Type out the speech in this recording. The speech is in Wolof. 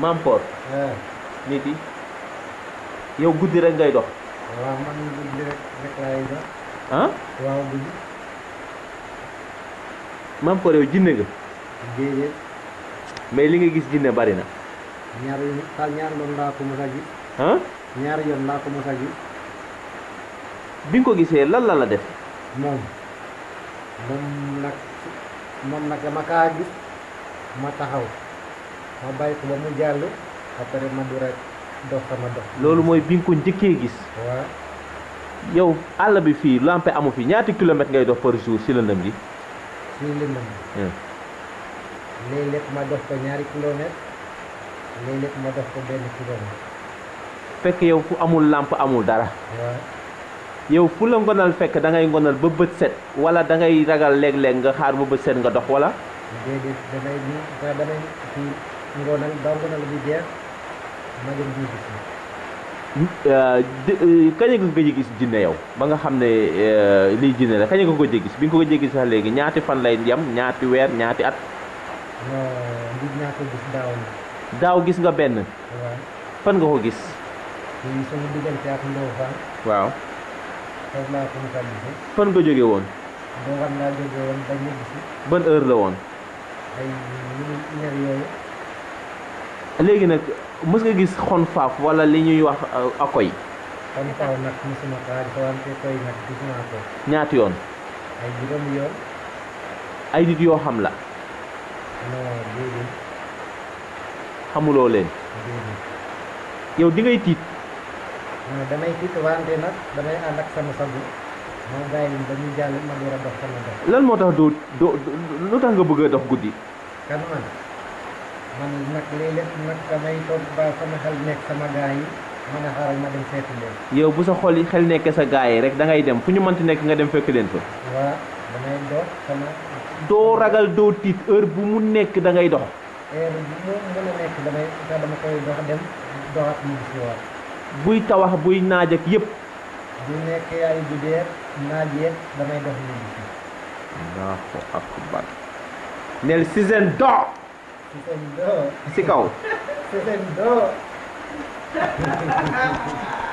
Mampoor. Eh. nit yi yow guddi rek ngay dox. waaw man guddi rek rek laay ah. waaw guddi. Mampoor yow jinne nga. déedéet. mais li nga gis jinne bari na. ñaar yoon ñaar yoon laa ko mos a ah. ñaar yoon laa ko mos a bi nga ko gisee lan la la def. moom moom nag moom nag dama kaa gis ma taxaw. mabay ko ba mu jàll après ma du rek dox sama dox loolu mooy bi ko njëkkee gis yow bi lampe amu fi ñaati kilomètre ngay dox par jour si lëndëm gi si lëndëm lelek léeg-léeg ma dox ko ñaari kilomètre léeg ma dox ko kilomètre fekk yow fu amul lampe amul dara yow fu la ngonal fekk da ngay ngonal ba bët set wala da ngay ragal leg léeg nga xaar ba set nga dox wala Ngonan Bangunan euh, euh, ko gëj gis jinne yow ba nga xam ne euh, liy jinne la kañ nga ko gëj bi nga ko gëj sax léegi ñaati fan lay yem ñaati weer ñaati at. non gis naa ko gis daaw la. daaw gis nga benn. waaw fan nga ko gis. fii sama diggante ak Ndao Fall. waaw. xew naa ko mu tàggatoo. fan nga jóge woon. boo xam naa jóge woon ba ñibbisi. ban heure la woon. ay une heure yooyu. léegi nag mës nga gis xon faaf wala li ñuy wax euh, akoy. xon faaw nag koy nag gis naa ñaati yoon. ay juróomi yoon. ay nit yoo xam la. xamuloo leen. yow di ngay tiit. damay tiit wante nag damay ànd ak sama sago. moom dañuy jàll lan moo tax doo doo lu tax nga bëgg dox guddi. man nag léeg-léeg nag damay toog ba sama xel nekk sama gaa yi man a xaaral ma dem fekk leen. yow bu sa xol yi xel nekkee sa gaa yi rek da ngay dem fu ñu mënti nekk nga dem fekk leen ko waaw damay dox sama. ragal doo tiit bu mu nekk da ngay dox. heure doxat mu si waat. buy tawax buy naaj ak bu nekk ay guddeer naaj yëpp damay dox mu si. Allahu akbar. nel si dox. Tá Cicão. Cicão.